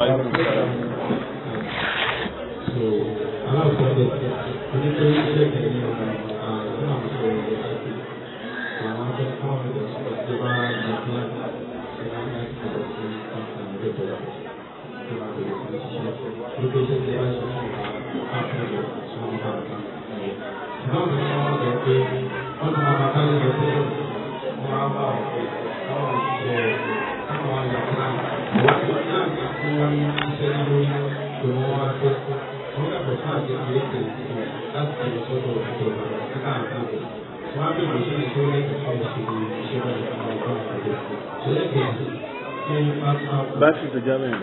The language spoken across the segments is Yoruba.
alákọ̀ọ́kọ́ onítorí Back to Germany.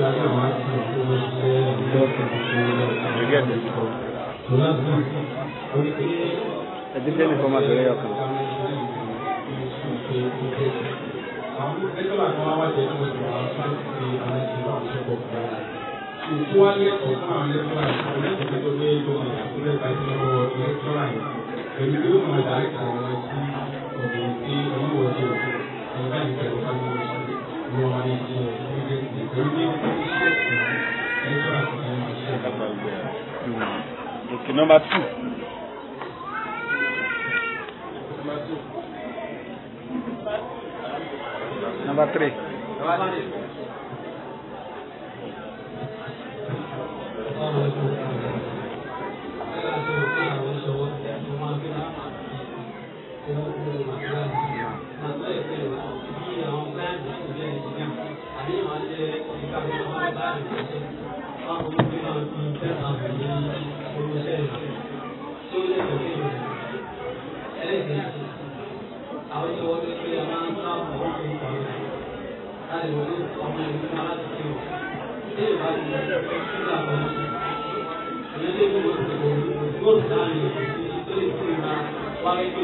Thank you. ẹbí Thank you. Okay, number two. Number three. Number three.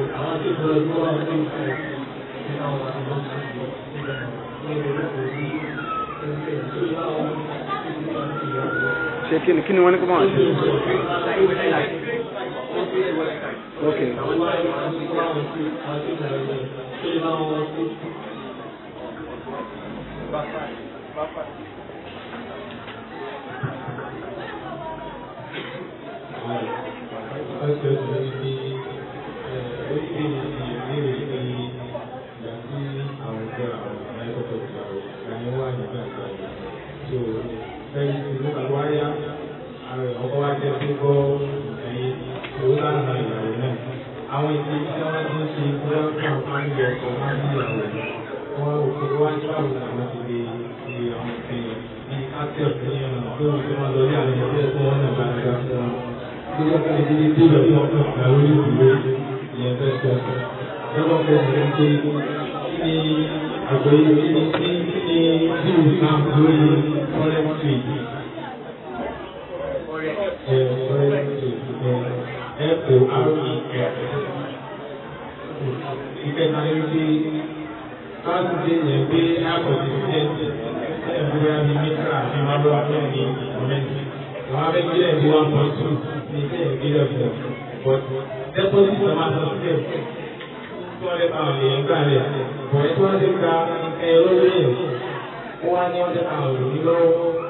Shaking, can you want to come on? Okay. Bye-bye. Bye-bye. akẹ́kọ̀ọ́ roe ìkẹta ni wípé fásitì yẹn gbé akọ̀tì sẹ́ẹ̀tì ẹ̀bùrẹ́ àbí mítà àti mọ́lọ́ àbẹ́ẹ̀ni ìmọ̀lẹ́tì wọ́n abẹ́ gbé ẹ̀bù one point two ní ilé ìgbélé ọ̀fẹ́ but deposit ọmọ àtọ́sílẹ̀ two hundred pound èèyàn gbà rẹ̀ bọ̀ ẹ̀ tí wọ́n ti gba ẹ̀rọ lẹ́yìn wọ́n á ní hundred pound lọ́wọ́.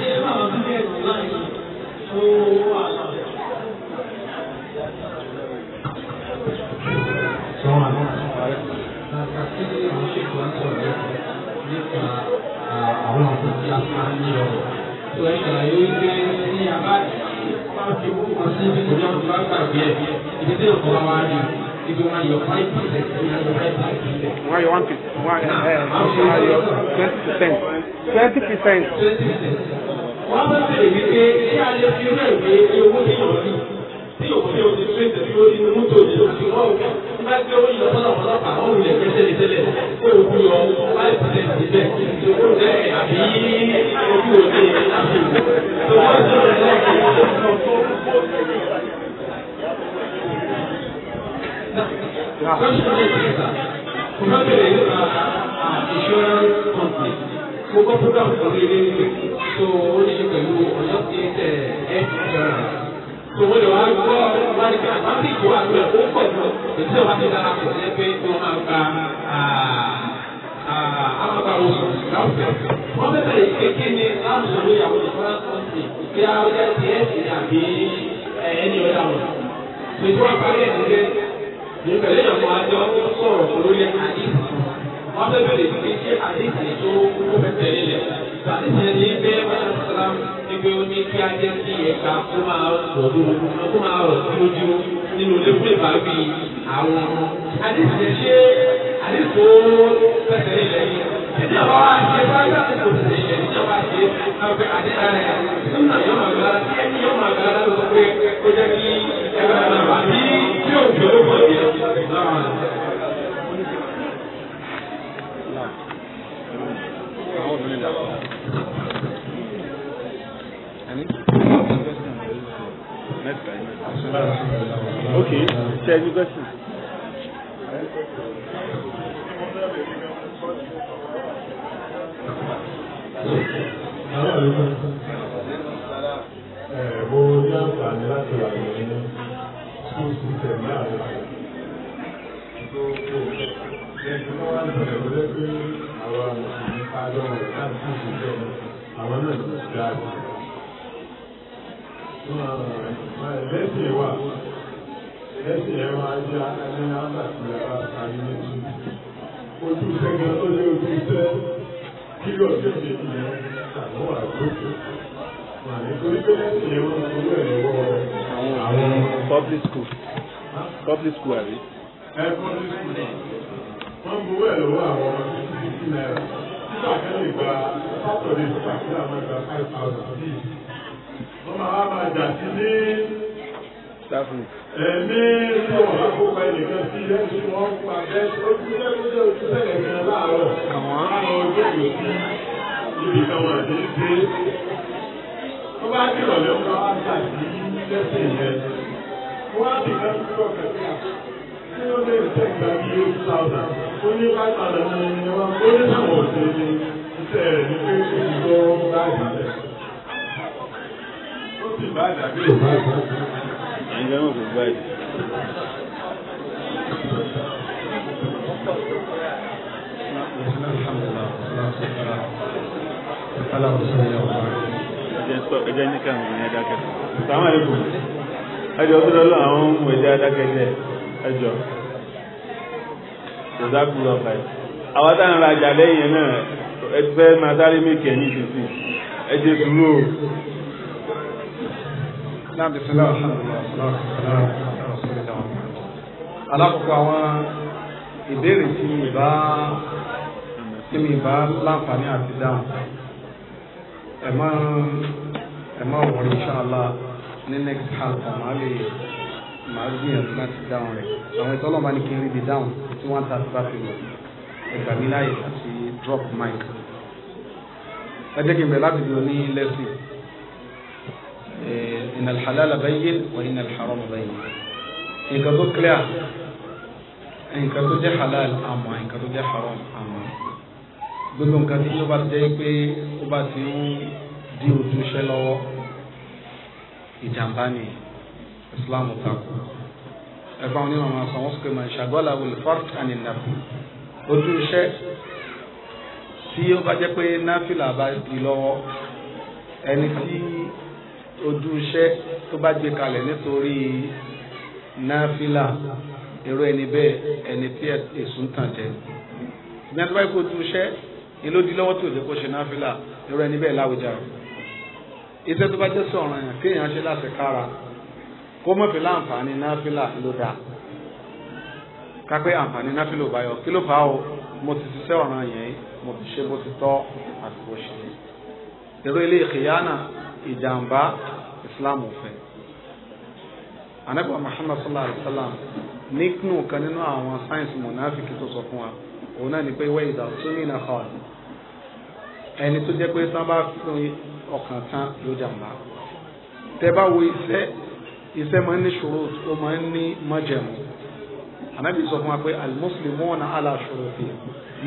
Why you want it? Why? Uh, why percent. Twenty percent wọ́n bá bèrè wípé ṣé a lè fi rẹ̀ wé owó ní ìrọ̀lì tí òfin ò ti tún nínú mọ́tò ní oṣù wọn ò bá gbé owó yọ sọ́dọ̀ ọlọ́pàá wọn wulẹ̀ tẹ́lẹ̀ pé òkú yọ five percent níbẹ̀ òkú rẹ̀ àbí ojú òde àbí òkú wọn tó rẹ̀ lọ́wọ́. Question is, uh, insurance companies mo gbọ́ program kan ní ilé ìwé tó ó ní ṣe pẹ̀lú ọ̀yọ́ state health insurance tó wọ́n lè wá gbọ́ wá ní àpáńtì ìkó àti ẹ̀ ó pọ̀ jù èyí tó wà ní ìdára pọ̀ ní pé wọ́n máa gba àmàgbà oṣù láwùjọ. wọ́n bẹ̀rẹ̀ kékeré ní láwùjọ ló yàwó ìfọ́nrán kọ́ńtì kí á wọ́n jẹ́ ti ẹ̀sì àbí ẹni ọ̀dà wọn. ṣùgbọ́n àpárí ẹ̀ wọ́n fẹ́ bẹ̀rẹ̀ pé ṣé àdéhùn tó kó fẹsẹ̀ nílẹ̀ ṣàtìṣe ní pé mọ́tàlá ní pé ó ní kí á jẹ́ kí ẹ̀ka kó máa rọ̀ dúró kó máa rọ̀ dúró dúró nínú lẹ́kùnlé bá bí àwọn ọmọ. àdéhùn ṣe àdéhùn tó fẹsẹ̀ nílẹ̀ yìí títí àwọn àṣẹ bá yàtọ̀ tó fẹsẹ̀ nílẹ̀ títí àwọn àṣẹ ọ̀gbẹ́ àdéhùn rẹ̀ nínú àyọ̀ màgbára ẹni yọ̀ màgbára ló sọ pé ó jẹ́ kí ẹgbẹ́ àgbà bí tí ò Okay, share your question. Mo ní lẹ́sìn wà lẹ́sìn ẹ̀ máa já ẹni náà tàbí ẹ̀ bá parí lẹ́sìn. ojú sẹ́gun ó lé ojú sẹ́ kí lọ́ọ̀dẹ́ ṣe ìyẹn àwọn àgbókò. nítorí pé lẹ́sìn ẹ̀ máa ń wọ ẹ̀rọ àwọn public school public school àbí. ẹ public school náà wọ́n ń buwọ́ ẹ̀ lọ́wọ́ àwọn ọmọ títí náírà. nígbà kan lè gba sátọ̀dé sípàkì àwọn ẹgbàá five thousand bíi wọ́n ní ẹ̀mí tí wọ́n bá sí ilé tí wọ́n pa bẹ́ẹ̀ ojúṣe lóde ojúṣe lẹ́gbẹ̀ẹ́ láàárọ̀ àwọn àwọn ìlú sí ibi kan wà ní ṣe tó bá dé ìrọ̀lẹ́ wọn máa jà sí lẹ́sẹ̀ yẹn wọ́n á bì kan tó kẹ̀kẹ́ kí ló lè tẹ̀ gba bí eight thousand ó ní five thousand ní wọn ó ní àwọn òṣèlú iṣẹ́ rẹ̀ pé kò ní lọ́wọ́ bá ìbàdàn ẹjẹ ní kàn ní adákẹ́ sàmà ẹ̀kù ẹjọ́ tó lọ́lọ́ àwọn ohun ẹ̀jẹ̀ adákẹ́ jẹ́ ẹjọ́ ìdákù lọ́fà ẹ̀ àwọn táwọn rajà lẹ́yìn náà ẹgbẹ́ máa sáré mẹ́kẹ̀ẹ́ ní ìsinsìn ẹjẹ̀ sùúrù náà bẹsẹ náà alákòókò àwọn ìbéèrè tí mi bá tí mi bá láǹfààní àti dáhùn ẹ má ẹ má wọrí inṣàlá ní next half màá lè màá gbìyànjú láti dáhùn rẹ àwọn ìtọ́lọ́mọ ni kí n rí di dáhùn tí wọ́n ta sí bá fi lọ ẹgbà mi láyè àti drop mic ẹ jẹ́ kí n bẹ̀rẹ̀ láti lò ní lẹ́sìn ìnà halala bayyin wa ìnà haram bayyin nǹkan tó clear nǹkan tó jẹ́ halal àmọ́ nǹkan tó jẹ́ haram àmọ́ gbogbo nǹkan tí ó bá jẹ́ pé ó bá ti ń di ojúṣe lọ́wọ́ ìjàmbá ni Islam takò ẹ̀fọ́ àwọn onímọ̀ máa sọ wọ́n sọ pé máa ṣàgbọ́lá wọlé fart and ìnàfù ojúṣe tí ó bá jẹ́ pé náfìlà bá di lọ́wọ́ ẹni tí ojú iṣẹ́ tó bá gbé kalẹ̀ nítorí náfìlà èrò ẹni bẹ́ẹ̀ ẹni tí èsùn tàn jẹ ìgbà tó bá kó ojú iṣẹ́ ni ló di lọ́wọ́ tí ò jẹ́ kó ṣe náfìlà èrò ẹni bẹ́ẹ̀ láwùjá iṣẹ́ tó bá jẹ́ sọ̀rọ̀ yẹn kéèyàn ṣe láti kára kó mọ̀ láǹfààní náfìlà ló dáa kápẹ́ àǹfààní náfìlà ò bá yọ kí ló fà á o mo ti ṣiṣẹ́ ọ̀ràn yẹn mo ti ṣe bó ti tọ́ àti bó ṣe èrò ilé ìkìyà náà ìjàmbá islam fẹ́ anabi muhammad sallallahu alaihi wa sallam nínú kan nínú àwọn sáyẹnsì mọ̀náfíkì tó sọ fún wa òun náà ni pé wẹ́ ìdá súnmí náà kọ́ ẹni tó jẹ́ pé tán bá fún ọkàn tán yóò jàmbá tẹ bá wo iṣẹ́ iṣẹ́ máa ń ní ṣòro ó máa ń ní májẹ̀mú anabi sọ fún wa pé alimuslimuna ala ṣòro fi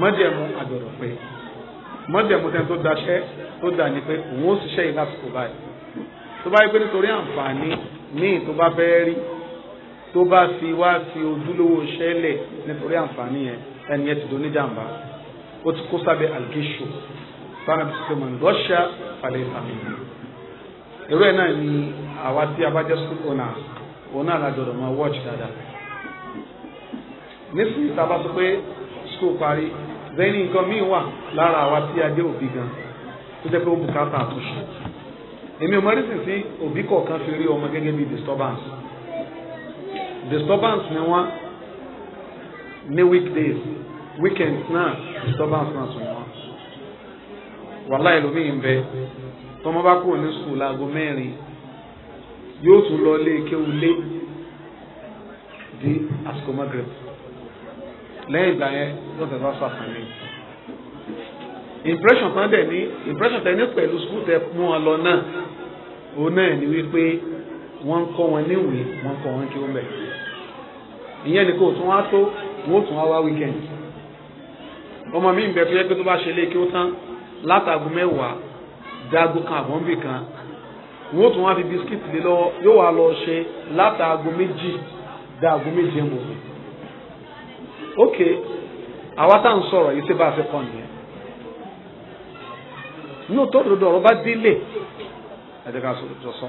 májẹ̀mú agbọ̀dọ̀ pé mọ́jẹ̀mọ́tẹ́ tó daṣẹ́ tó dà ní pé òun ó ṣiṣẹ́ yìí lásìkò báyìí tó bá yẹ pé nítorí àǹfààní míì tó bá fẹ́ rí tó bá fi wá fi ojúlówó ṣẹlẹ̀ nítorí àǹfààní yẹn ẹni yẹn ti do níjàmbá ó ti kó sábẹ́ àlùkíṣù sanni bisimilá ndọ́ṣà falẹ̀ ìsàmì irú ẹ̀ náà ni àwa tí a bá jẹ́ school owner òun náà lájọ̀dọ̀ máa watch dáadáa nísìnyí tá a bá sọ pé school parí zẹ́ni nǹkan míì wà lára àwa tí a jẹ́ òbí gan tó jẹ́ pé ó bùkátà àtúnṣe èmi ò mọ rísìn sí òbí kọ̀ọ̀kan fi rí ọmọ gẹ́gẹ́ bí disturbance disturbance ni wọ́n ní weekdays weekends náà disturbance náà tún ni wọ́n wàhálà ẹlòmíì ń bẹ tọmọ bá kúrò ní sùkúl aago mẹ́rin yóò tún lọ lé kéwú lé di àsìkò magreth lẹ́yìn ìgbà yẹn ló tẹ̀ bá sọ àkànní. impression tán dẹ̀ ní impression tẹ̀ ní pẹ̀lú skul tẹ mú wọn lọ náà òun náà ni wípé wọ́n ń kọ́ wọn níwèé wọ́n ń kọ́ wọn kí wọ́n bẹ̀. ìyẹn ni kò tún wá tó wọ́n tún wá wá weekend. ọmọ mi ń bẹ tó yẹ pé tó bá ṣe lé kí ó tán látàgùn mẹ́wàá dágùn kan àbọ̀nbì kan wọ́n tún wá fi bisikíìtì lé lọ́wọ́ yóò wá lọ ṣe látàgùn méjì dágùn méjì ń ok àwa tá à ń sọ̀rọ̀ yìí ṣe bá a fi kọ́ nìyẹn nínú tó dodo ọ̀rọ̀ bá délé ẹ̀jẹ̀ ká sọ sọ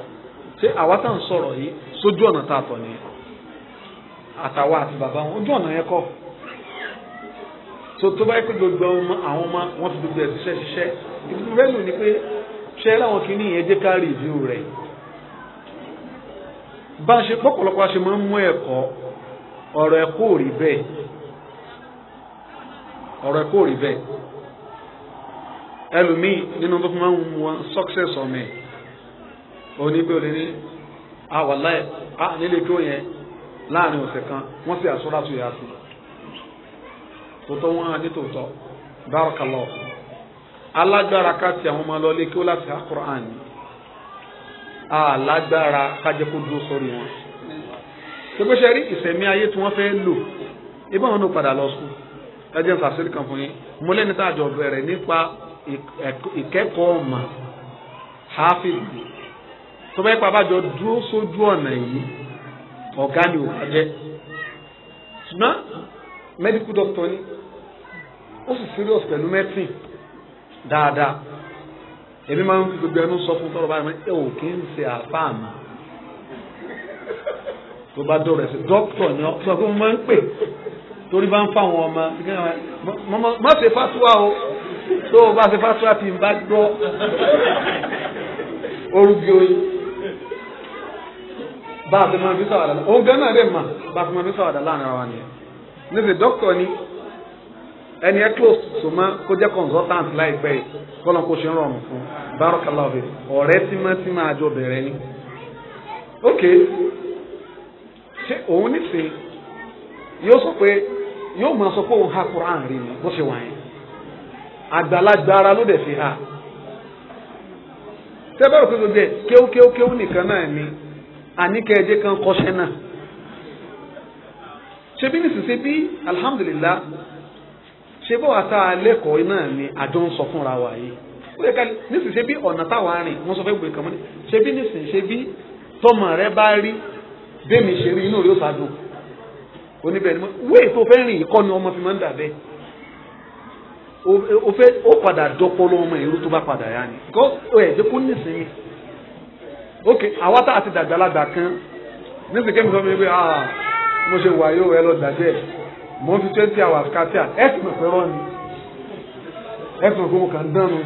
ṣé àwa tá à ń sọ̀rọ̀ yìí sójú ọ̀nà tá a tọ̀ nìyẹn àtàwa àti bàbá wọn ojú ọ̀nà yẹn kọ́ so tó bá yẹ pé gbogbo àwọn ọmọ wọn fi gbogbo ẹ̀ ṣiṣẹ́ ṣiṣẹ́ rẹ̀ lò pé ṣe láwọn kìíní yẹn jẹ́ ká rìvíw rẹ̀ bá a ṣe pọ̀pọ̀lọpọ̀ a ṣe máa ń mú ẹ̀kọ́ ọ̀rọ̀ ẹ̀kọ́ ò rí bẹ́ẹ̀ ọ̀rọ̀ ẹ̀ kò rí bẹ́ẹ̀ ẹlòmíì nínú tó fi máa ń wọn success ọmọ ẹ̀ òní pé olè ní àwàlá ẹ̀ á nílé tó yẹn láàrin ọ̀sẹ̀ kan wọ́n sì àṣọ láti yà sí tòótọ́ wọn á ní tòótọ́ barakallahu alágbára ká ti àwọn ọmọ lọlé kí ó láti há Qur'an alágbára ká jẹ́ kó dúró sórí wọn ṣé pé ṣe rí ìsẹ̀mí ayé tí wọ́n fẹ́ lò ibà wọn ló padà lọ sùn ẹ jẹ́ fàṣírí kan fún yín mo lẹ́ni tá a jọ bẹ̀rẹ̀ nípa ìkẹ́kọ̀ọ́ ọ̀mà hafiz tó bá yẹ pa abájọ dúró sójú ọ̀nà yìí ọ̀gá ni ò bá jẹ́ ṣùgbọ́n medical doctor ni ó sì serious pẹ̀lú medicine dáadáa èmi máa ń fi gbogbo ẹnu sọ fún tọ́lọ́ báyìí ẹ ò kí ń ṣe àfáàmà tó bá dọ̀rọ̀ ẹ̀ sí dókítọ̀ ni ọ sọ fún mi ń pè torí bá ń fa àwọn ọmọ má ṣe fatuwa o tó o bá ṣe fatuwa fi ń bá gbọ́ orúbi oyin bá a ṣe máa fi sàwádà lánàá òun gan náà dẹ̀ mà bá a ṣe máa fi sàwádà lánàá wa ni níbi dókítà ni ẹni ẹ close sọmọ kó jẹ́ consultant láìpẹ́ yìí kọ́lọ́n kó ṣe ń rọrùn fún barakallahu fi ọ̀rẹ́ tímọ́tímọ́ àjọ bẹ̀rẹ̀ ni ok ṣé òun nísìnyí yóò sọ pé yóò máa sọ pé òun ha Quran rí ni bó ṣe wà yẹn àgbàlagbà ara ló dẹ̀ fi ha tẹ́bọ̀rọ̀ pé gbogbo ẹ̀ kéwkéwkéw nìkan náà ni àníkẹ́ẹ̀jẹ́ kan kọ́ṣẹ́ náà ṣe bí nísinsìnyí bí alhamdulillah ṣe bọ́ àtà lẹ́kọ̀ọ́ náà ni àjọ ń sọ fúnra wa yìí ó yẹ ká nísinsìnyí bí ọ̀nà táwa rìn wọ́n sọ fẹ́ gbé kan mọ́ ni ṣe bí nísinsìnyí bí tọmọ rẹ bá rí bẹ́ẹ̀ mi ṣe rí inú rẹ ó sá dùn oníbẹ̀ ni mo wéè tó fẹ́ rìn ìkọ́ni ọmọ fi máa ń dà bẹ́ẹ̀ o fẹ́ o padà dọ́pọ́lọ́ ọmọ ìlú tó bá padà yá ni o ẹ̀ jẹ́ kó nísìnyí ok àwa tá a ti dàgbàlagbà kan nísìnyí kẹ́mi sọ mi pé ah mo ṣe wà yóò ẹ lọ dàjẹ́ mo ń fi twenty hours kàtíà ẹ sì mọ̀ pé rọ́ọ̀ ni ẹ sì mọ̀ pé mo kàn dánu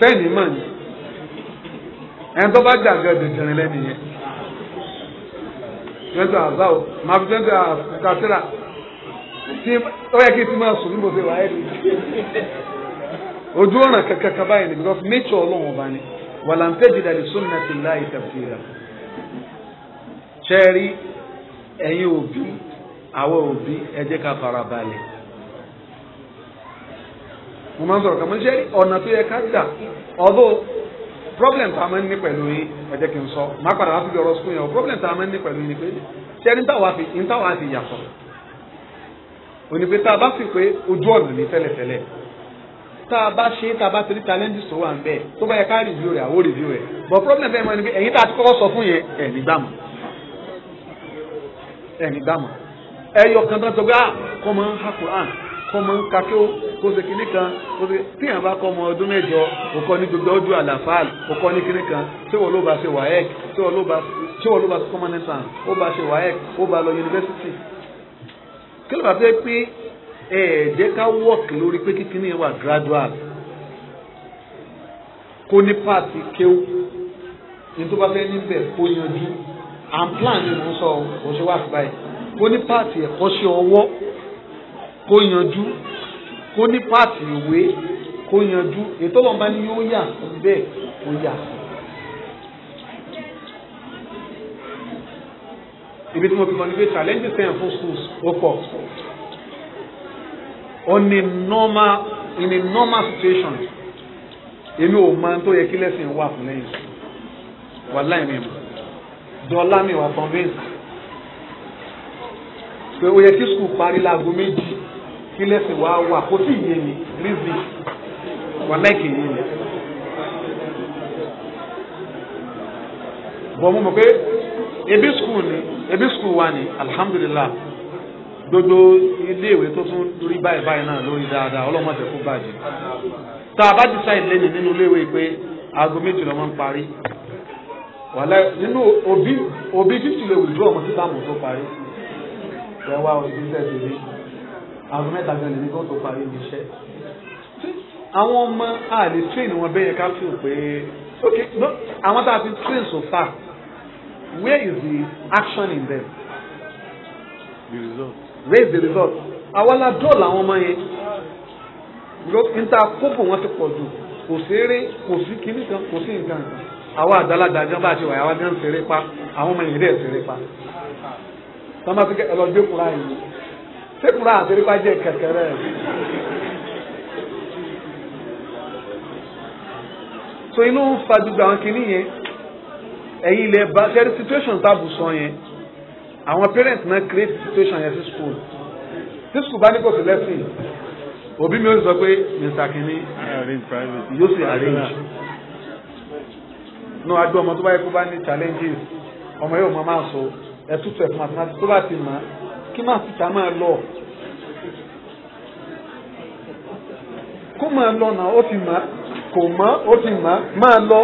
fẹ́ẹ̀ ní mọ̀ ni ẹni bá gbàgbé ọ̀dẹ̀dẹ̀rin lẹ́nu yẹn vendo hours báwo máa fi twenty hours olha tẹ́ra tí ó yẹ kí n ti máa sùn ní mo ṣe wà ẹ́ ojú ọ̀nà kankan kan báyìí ni because nature ọlọ́run ọba ni wàlàǹtẹ́ jìdá lè sún náà ti láì tẹ̀síra ṣẹ́ẹ̀rí ẹ̀yin o àwọn òbí ẹ jẹ́ ká fara balẹ̀ mo máa ń problem tá a máa ń ní pẹ̀lú yín ẹ jẹ́ kí n sọ má padà wá síbi ọ̀rọ̀ sukùn yẹn o problem tá a máa ń ní pẹ̀lú yín ni pé ṣé ní táwa fi ní táwa fi yàtọ̀ òní pé tá a bá fi pé ojú ọ̀nà ní tẹ́lẹ̀tẹ́lẹ̀ tá a bá ṣe tá a bá torí challenge tó wà ń bẹ́ẹ̀ tó bá yẹ ká review rẹ̀ àwọ̀ review rẹ̀ but problem bẹ́ẹ̀ máa ní pé ẹ̀yin tá a ti kọ́kọ́ sọ fún yẹn ẹ̀ nígbàmọ̀ ẹ̀ nígbàmọ̀ ẹ̀yọ̀ kan tó ń sọ pé ah kọ́ máa ń kọ́ mọ́ ń ka kí ó kó ṣe kinní kan kó ṣe tíyàn bá kọ́ ọmọ ọdún mẹ́jọ kò kọ́ ní gbogbo ọdún àlàfáàlì kò kọ́ ní kinní kan ṣé wọ́n ló bá ṣe wáyẹ́k ṣé wọ́n ló bá ṣe common entrance ó bá ṣe wáyẹ́k ó bá lọ yunifásitì. kí ló bá fẹ́ pé ẹ̀ẹ́dẹ́ ká wọ́ọ̀kì lórí pé kíkiní wà gradual kó ní pààtì kéwù ní tó bá fẹ́ níbẹ̀ kó yanjú and plan ni mo ń sọ òṣèwà àgbáyé kó ní pààtì ẹ̀kọ́ṣẹ́ ọwọ́ kó yanjú kó ní páàtì ìwé kó yanjú ètò ọlọ́mọba ni yóò yà bẹ́ẹ̀ kó yà. ibi tí mo fi mọ níbi challenge sẹ́yìn fún schools ó pọ̀ on a normal in a normal situation èmi ò máa tó yẹ kí lẹ́sìn wà fún lẹ́yìn wà láì mi mọ̀ dọ́là mi wà convince pé ó yẹ kí school parí láago méjì kí lẹ́sìn wá wà kó sì yé mi rízi wà láìkè yé mi. bọ̀ mo mọ̀ pé ebi skul ni ebi skul wa ni alihamudulilayi gbogbo iléèwé tó tún rí báyìí báyìí náà lórí dáadáa ọlọ́mọ tẹ kó bàjẹ́ tá a bá decide lẹ́yìn nínú iléèwé pé aago méjì lọ́mọ ń parí wàhálà nínú òbí òbí fífi lè withdraw ọmọ títà mọ̀ tó parí ẹ wá òbí sẹ́ẹ̀sì rí àwọn mẹ́ta gan lè ní kó tó parí ní iṣẹ́ àwọn ọmọ a lè train wọn bẹ́ẹ̀ ká fún pé ok no àwọn tá a ti train so far where is the action in them the result where is the result àwọn aládùn làwọn ọmọ yẹn níta kókò wọn ti pọ̀ jù kò ṣeré kò sí kinní kan kò sí nǹkan kan àwọn àgbàlagbà gan bá a ṣe wà àwọn gan ṣeré pa àwọn ọmọ yẹn dẹ̀ ṣeré pa tọ́mọ́sí ẹlọ́dẹ́kùnrin àyè sẹ́kùnrà àtẹrípa jẹ́ kẹ̀kẹ́rẹ́. so inú ń fa gbogbo àwọn kinní yẹn ẹ̀yin ilẹ̀ bá kẹ́rí situation tábù sọ yẹn àwọn parents náà create situation yẹn sí school tí school bá ní kò sí lesson òbí mi ó sọ pé mr kinní yóò sì arrange nù adó ọmọ tó bá yẹ kó bá ní challenges ọmọ yóò mọ máa sọ ẹ tútù fún mathematics tó bá ti mọ kí máa fìtà máa lọ kó máa lọ náà ó ti mọ̀ kò mọ̀ ó ti mọ̀ máa lọ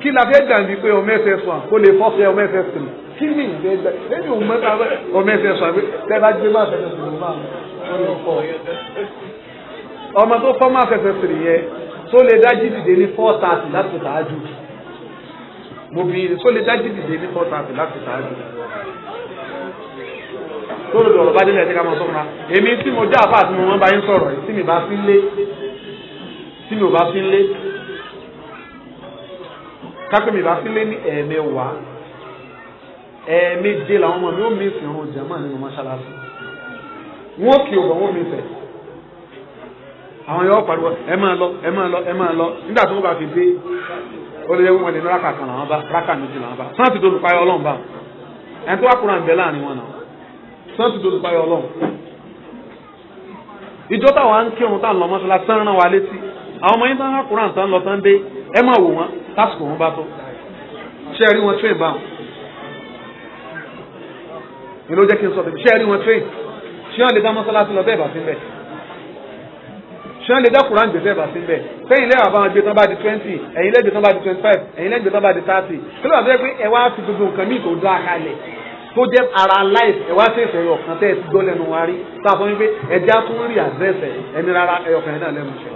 kí la fẹ́ dàbí pé ọmọ ẹsẹ̀ sùn kó lè fọ́fẹ́ ọmọ ẹsẹ̀ sùn kí ni ìgbẹ́ ẹgbẹ́ lẹ́yìn òun mẹ́ta ọmọ ẹsẹ̀ sùn àbí tẹ́ bá gbé máa fẹsẹ̀ sùn máa lọ ọmọ tó fọ́ máa fẹsẹ̀ sùn yẹn tó lè dájí dìde ní four thirty láti ṣáájú mo fi tó lè dájí dìde ní four thirty láti ṣáájú. lórí ọ̀rọ̀ bá délẹ̀ ẹ̀sẹ̀ ká máa sọ́kùnrin èmi tí mo jaa àfáà tí mo máa bá yín sọ̀rọ̀ tí mi bá sí lé tí mi ò bá lé kápẹ́ mi bá sí lé ní ẹ̀ẹ̀mẹwàá ẹ̀ẹ̀méje làwọn ọmọ mi ó mi sìn ọ̀hún jẹ́mọ́ nínú mọ́ṣáláṣí wọn ò kì nwoke wọn ò mi fẹ̀ àwọn yóò pariwo ẹ máa lọ ẹ máa lọ ẹ máa lọ nígbà wọn bá fi dé ó lè yẹ wọn sáǹtì tó lùpáyọ ọlọ́run ìjọ táwọn á ń kírun tá à ń lọ mọ́ṣáláṣí tán rán wa létí àwọn ọmọ yín tán hàn kúrán tán lọ tán dé ẹ máa wò wọn lásìkò wọn bá tó ṣé ẹ rí wọn train báwọn ni ló jẹ́ kí n sọ bẹ́ẹ̀ ṣé ẹ rí wọn train ṣé wọn lè dá mọ́ṣáláṣí lọ bẹ́ẹ̀ bá sí bẹ́ẹ̀ ṣé wọn lè dá kúrán gbé bá sí bẹ́ẹ̀ sẹ́yìn lẹ́yìn àbáwọn gbé tán bá di twenty ẹ̀yin lẹ́gbẹ̀ẹ́ tán bá di twenty five ẹ̀yin lẹ́gbẹ̀ẹ́ tán bá di thirty kí ló wà bẹ́ẹ̀ pé ẹ wá fi gbogbo tó jẹ́ ara life ẹ wá sèso ẹyọ kan tẹ́ ẹ ti gbọ́ lẹ́nu wa rí tá a sọ wípé ẹja tún rí àdírẹ́sẹ̀ ẹni rárá ẹyọ kan lẹ́nu ṣe.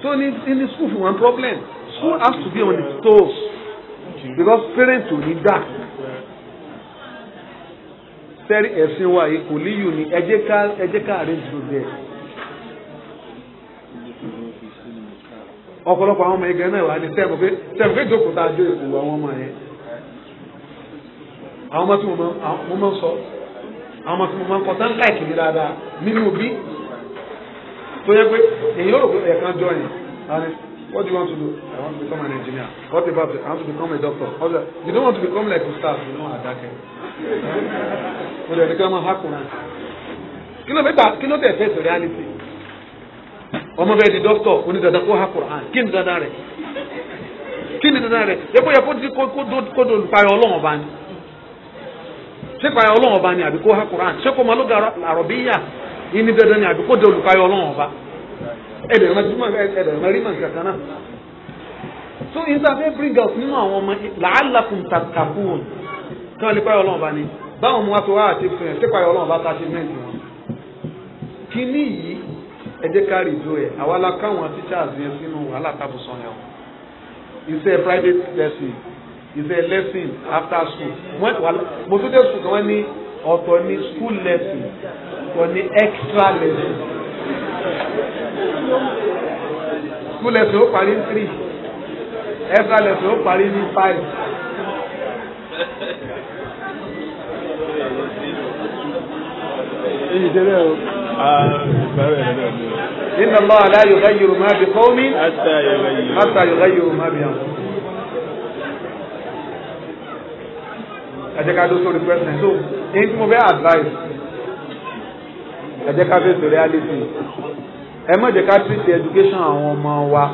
so ní ní school fún one problem school has to be on its toes because parents ò ní dà sẹ́rí ẹ̀sìn wa yìí kò líyù ní ẹ jẹ́ ká ẹ jẹ́ ká arrange to there. ọ̀pọ̀lọpọ̀ àwọn ọmọ yẹn gan náà wà ní sẹ́ẹ̀mù pé sẹ́ẹ̀mù pé ìjókòó tá a jó ìkùwọ̀ àwọn ọmọ yẹn àwọn ọmọ tí mo máa ń sọ àwọn ọmọ tí mo máa ń kọ tá ń ká ìkìlì dáadáa nínú bí tó yẹ pé èyí ó rò pé ẹ̀ka jọ yẹn àní what do you want to do I want to become an engineer what about it I want to become a doctor also you don't want to become like a ustaz you know adake mo dẹ̀ ní kí wọ́n máa hákùnrin kí ló tẹ̀ fẹ́ sọ reality ọmọ bẹ́ẹ̀ di dókítọ̀ ó dada dandan kó ha Quran kí ni dandan rẹ̀ kí ni dandan rẹ̀ yẹ kó yẹ kó ti kó do olùpayọ̀ ọlọ́run ọba ni ṣé payọ̀ ọlọ́run ọba ni àbí kó ha Quran ṣé kó ma ló ga àrọ̀bíyà yìí ni dandan ni àbí kó do olùpayọ̀ ọlọ́run ọba ẹ̀dẹ̀ mẹ́rin mọ̀ kankan náà so interfaith bring out nínú àwọn ọmọ làálàkùn tàkàkùn tí wọ́n lè payọ̀ ọlọ́run ọba ni báwọn ọmọ wa tó wá àti fún yẹn ṣé payọ̀ ọlọ́run ọba tá ṣe mẹ́ǹtì wọn kínní yìí ẹ jẹ́ ká rìdó ẹ̀ àwa la káwọn teachers yẹn sínú wàhálà tábùsàn yẹn o iṣẹ́ private lesson iṣẹ́ lesson after school mo tún dé school kan wọ́n ní ọ̀tọ̀ ní school lesson ọ̀tọ̀ ní extra lesson school lesson ó parí ní three extra lesson ó parí ní five. Èyí jẹ́ bẹ́ẹ̀ o. إن الله لا يغير ما bi حتى يغير yughayyiru ma bi anfusihim. ẹ jẹ́ ká dó sórí pẹ́sẹ̀ so èyí tí mo fẹ́ advice ẹ jẹ́ ká fèsì reality ẹ má jẹ́ ká treat education àwọn ọmọ wa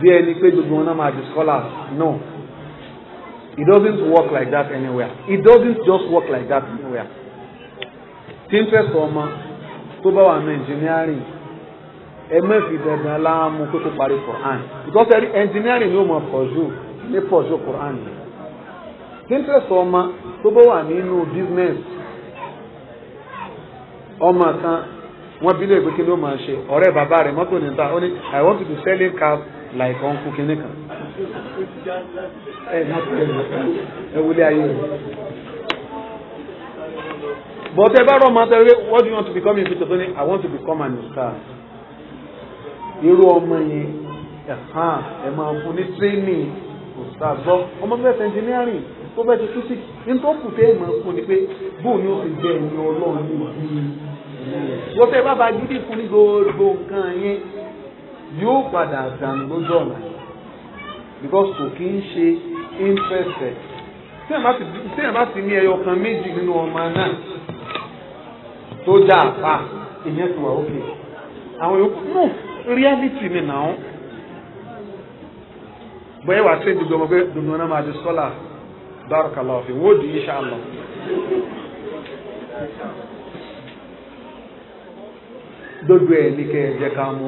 bí ẹni pé gbogbo wọn it doesn't work like that anywhere it doesn't just work like that anywhere tí interest ọmọ tó bá wà ní engineering ẹ má fi dandan láàmú pé kó parí Quran because engineering ló mọ pọ̀jù ní pọ̀jù Quran yìí tí interest ọmọ tó bá wà nínú business ọmọ kan wọ́n bí lè pé kí ló máa ṣe ọ̀rẹ́ bàbá rẹ̀ mọ́tò ní ó ní i want to be selling cars like uncle kinní kan ẹ wọlé ayé rẹ̀ but ẹ bá rọ ọmọ tẹ́lẹ̀ what do you want to become in future tó ní I want to become an ustaz irú ọmọ yẹn ẹ̀hán ẹ̀ máa fún ní training ustaz bọ́ ọmọ bẹ́ẹ̀ tẹ engineering tó bẹ́ẹ̀ ti physics ní tó kù tẹ́ ẹ̀ máa fún ni pé bóun ni ó ti jẹ́ ẹni ọlọ́run ní ìdí wọ́n tẹ́ bá ba gidi fún ní gbogbo nǹkan yẹn yóò padà dànù lójú ọ̀nà because kò kí ń ṣe interest ẹ̀ tí ẹ̀ bá ti ní ẹyọ kan méjì nínú ọmọ náà tó dá àpá ìyẹn ti wà òkè àwọn yòókù nù reality ni nà ó bóyá wàá tẹ́ ìdìgbò ọmọgbé dùnú náà máa di sọ́là barakallahu fi wọ́n di insha Allah. dodo ẹ̀ ní kẹ́ ẹ jẹ́ ká mú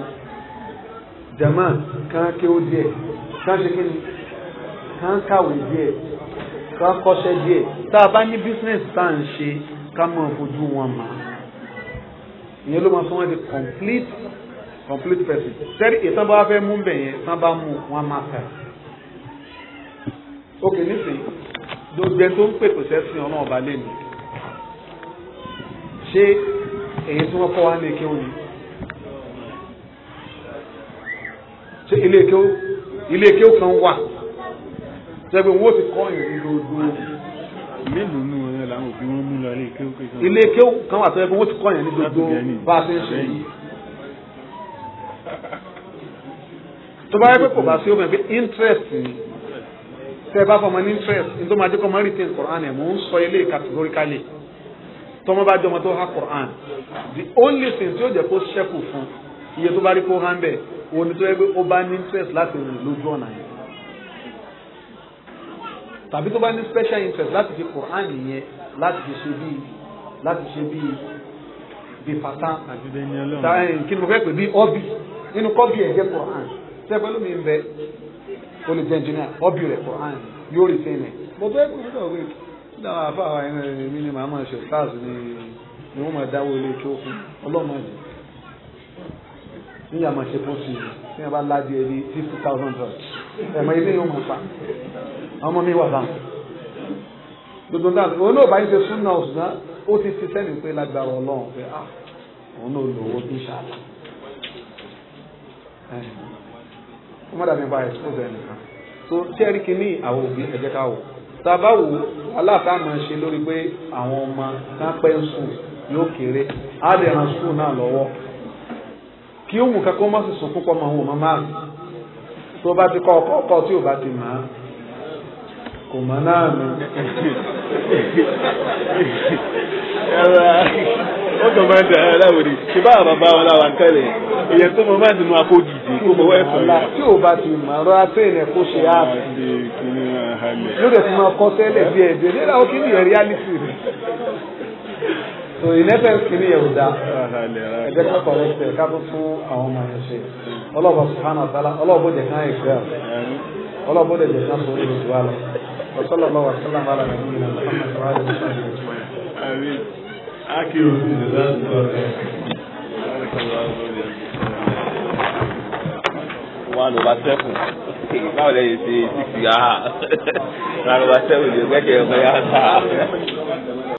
jama kan ké ó díẹ̀ kan ṣe kí ni kan kàwé díẹ̀ kan kọ́ṣẹ́ díẹ̀ tá a bá ní bísíǹsì tá à ń ṣe ká mọ̀ fojú wọn màá ìyẹn ló máa sọ wọn di complete complete person tẹ́lẹ̀ ìtàn bá wá fẹ́ mú bẹ̀ yẹn tán bá mú wọn máa fẹ́ ok nísìnyí gbogbo ẹni tó ń pètò sẹ́sìn ọlọ́run ọba lé mi ṣé èyí tí wọ́n kọ́ wá ní ike òní ṣé ilé ike ó ilé ike ó kan wà ṣẹ́gun owó ti kọ́ ìrìn lòdù mélòó làwọn òbí wọn mú lọ ilé kéwù kan. wà tó yẹ kó wọ́n ti kọ́ yẹn ní gbogbo bá a ṣe ń ṣe yìí. tó bá yẹ pé kò bá sí omi ẹ̀ pé interest ni tẹ́ ẹ bá fọmọ ní interest ní tó máa jẹ́ kó máa retain Quran ẹ̀ mò ń sọ ilé categorically tọmọ bá jọmọ tó ha Quran the only thing tí ó jẹ́ kó ṣẹ́kù fún iye tó bá rí kó hàn bẹ́ẹ̀ òun ni tó yẹ pé ó bá ní interest láti rìn lójú ọ̀nà yẹn tàbí tó bá ní special interest láti fi Quran yẹn láti fi ṣe bíi láti ṣe bíi bíi fata eh, kí ni mo fẹ́ pè bíi ọ́bì nínú kọ́bì ẹ̀ jẹ́ Quran ṣé pẹ̀lú mi ń bẹ o lè jẹ́ engineer ọ́bì rẹ̀ Quran yóò rí sẹ́yìn ẹ̀. mo fẹ́ pè nígbà wíwẹ̀ kí làwọn afáwa ẹ̀rọ ẹ̀rọ mi ni màá máa ṣe SARS ni ni wọ́n máa dáwọ́ ilé tó fún ọlọ́mọdé níyà máa ṣe fún sí i ní abá ládìí ẹni fifty thousand dollars ẹ̀mọ ilé yóò máa pa ọmọ mi wà báwọn gbogbo náà òun náà bá yín ṣe súnà ọ̀sán ó ti ti sẹ́ni pé lágbára ọlọ́run pé ah òun náà lò ó bí ṣáàlà ó má dàbí báyìí ó bẹ̀rẹ̀ nìkan tó tẹ́rì kínní àwọn òbí ẹ̀jẹ̀ ká wò sábàwò aláàtàmọ̀ ṣe lórí pé àwọn ọmọ náà pẹ́ ń sùn yóò kéré á lè ran sùn náà lọ́wọ́ kí ó wù kankan má sì sùn púpọ̀ máa wò máa máa tó bá ti kọ́ ọkọ̀ tí ò bá ti máa kò mọ náà nù. ó kàn máa ń dà ẹ́ láwòrán ṣe bá bàbá wọn láwa ń kẹ́lẹ̀ ìyẹn tó mọ máa ń dùnú akógìdì kó mọ wẹ́ẹ̀ fún yìí. tí ò bá ti mọ àrọ atẹ́ẹ̀nẹ̀ kó ṣe ààbò lórí ẹ̀sìn máa kọ́ sẹ́lẹ̀ bí ẹ̀dẹ̀ nílà ó kí ni ìyẹn reality rẹ̀ so ìlẹ́fẹ̀ kìíní yẹ̀ ọ̀dà ẹ̀jẹ̀ ká kọ̀rẹ́tẹ̀ ká tó fún àwọn ọmọ yẹn ṣe ọlọ́ọ̀bọ̀ sùhánà tálá ọlọ́ọ̀bọ̀ jẹ̀ ká ẹ̀kẹ́ ọlọ́ọ̀bọ̀ jẹ̀ ká sórí ìdúrà lọ. وصلى الله وسلم على نبينا محمد وعلى اله وصحبه اجمعين امين اكيد one over seven báwo lẹ́yìn ṣe six yàrá one over seven lè gbẹ́kẹ̀ ọ̀gá yàrá.